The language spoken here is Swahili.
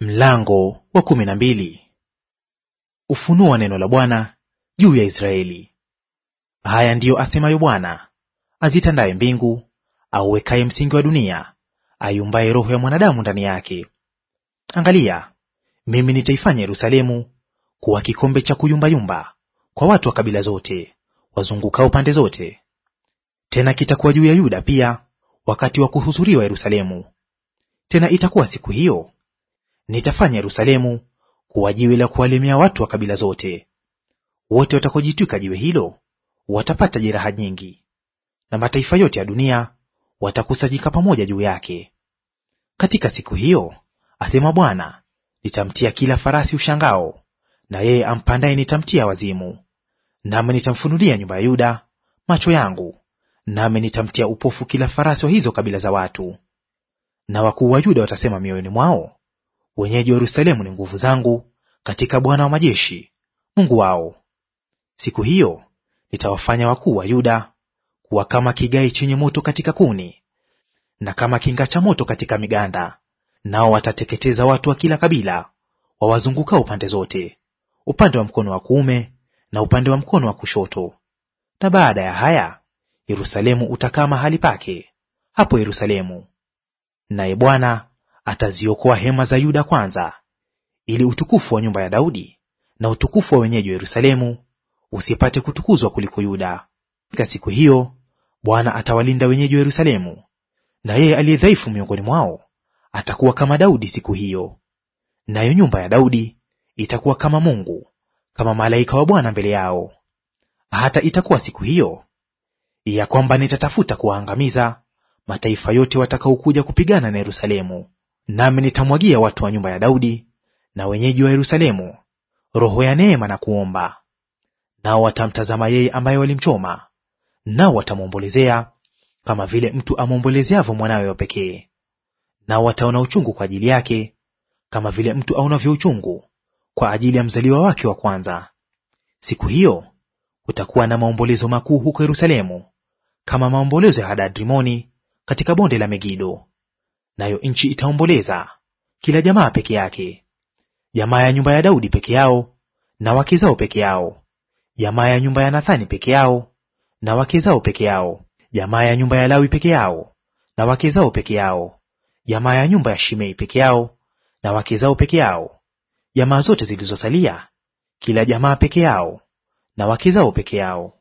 Mlango wa kumi na mbili. Ufunuo neno la Bwana juu ya Israeli. Haya ndiyo asemayo Bwana azitandaye mbingu, auwekaye msingi wa dunia, ayumbaye roho ya mwanadamu ndani yake. Angalia, mimi nitaifanya Yerusalemu kuwa kikombe cha kuyumbayumba kwa watu wa kabila zote wazungukao pande zote. Tena kitakuwa juu ya Yuda pia wakati wa kuhudhuriwa Yerusalemu. Tena itakuwa siku hiyo Nitafanya Yerusalemu kuwa jiwe la kuwalemea watu wa kabila zote. Wote watakojitwika jiwe hilo watapata jeraha nyingi, na mataifa yote ya dunia watakusajika pamoja juu yake. Katika siku hiyo, asema Bwana, nitamtia kila farasi ushangao, na yeye ampandaye nitamtia wazimu. Nami nitamfunulia nyumba ya Yuda macho yangu, nami nitamtia upofu kila farasi wa hizo kabila za watu. Na wakuu wa Yuda watasema mioyoni mwao, Wenyeji wa Yerusalemu ni nguvu zangu katika Bwana wa majeshi, Mungu wao. Siku hiyo nitawafanya wakuu wa Yuda kuwa kama kigai chenye moto katika kuni, na kama kinga cha moto katika miganda, nao watateketeza watu wa kila kabila wawazungukao pande zote, upande wa mkono wa kuume na upande wa mkono wa kushoto. Na baada ya haya Yerusalemu utakaa mahali pake hapo Yerusalemu, naye Bwana ataziokoa hema za Yuda kwanza, ili utukufu wa nyumba ya Daudi na utukufu wa wenyeji wa Yerusalemu usipate kutukuzwa kuliko Yuda. Katika siku hiyo Bwana atawalinda wenyeji wa Yerusalemu, na yeye aliye dhaifu miongoni mwao atakuwa kama Daudi siku hiyo. Nayo nyumba ya Daudi itakuwa kama Mungu, kama malaika wa Bwana mbele yao. Hata itakuwa siku hiyo ya kwamba nitatafuta kuwaangamiza mataifa yote watakaokuja kupigana na Yerusalemu. Nami nitamwagia watu wa nyumba ya Daudi na wenyeji wa Yerusalemu roho ya neema na kuomba, nao watamtazama yeye ambaye walimchoma, nao watamwombolezea kama vile mtu amwombolezeavyo mwanawe wa pekee, nao wataona uchungu kwa ajili yake kama vile mtu aonavyo uchungu kwa ajili ya mzaliwa wake wa kwanza. Siku hiyo kutakuwa na maombolezo makuu huko Yerusalemu, kama maombolezo ya Hadadrimoni katika bonde la Megido nayo nchi itaomboleza, kila jamaa peke yake, jamaa ya nyumba ya Daudi peke yao na wake zao peke yao, jamaa ya nyumba ya Nathani peke yao na wake zao peke yao, jamaa ya nyumba ya Lawi peke yao na wake zao peke yao, jamaa ya nyumba ya Shimei peke yao na wake zao peke yao, jamaa zote zilizosalia, kila jamaa peke yao na wake zao peke yao.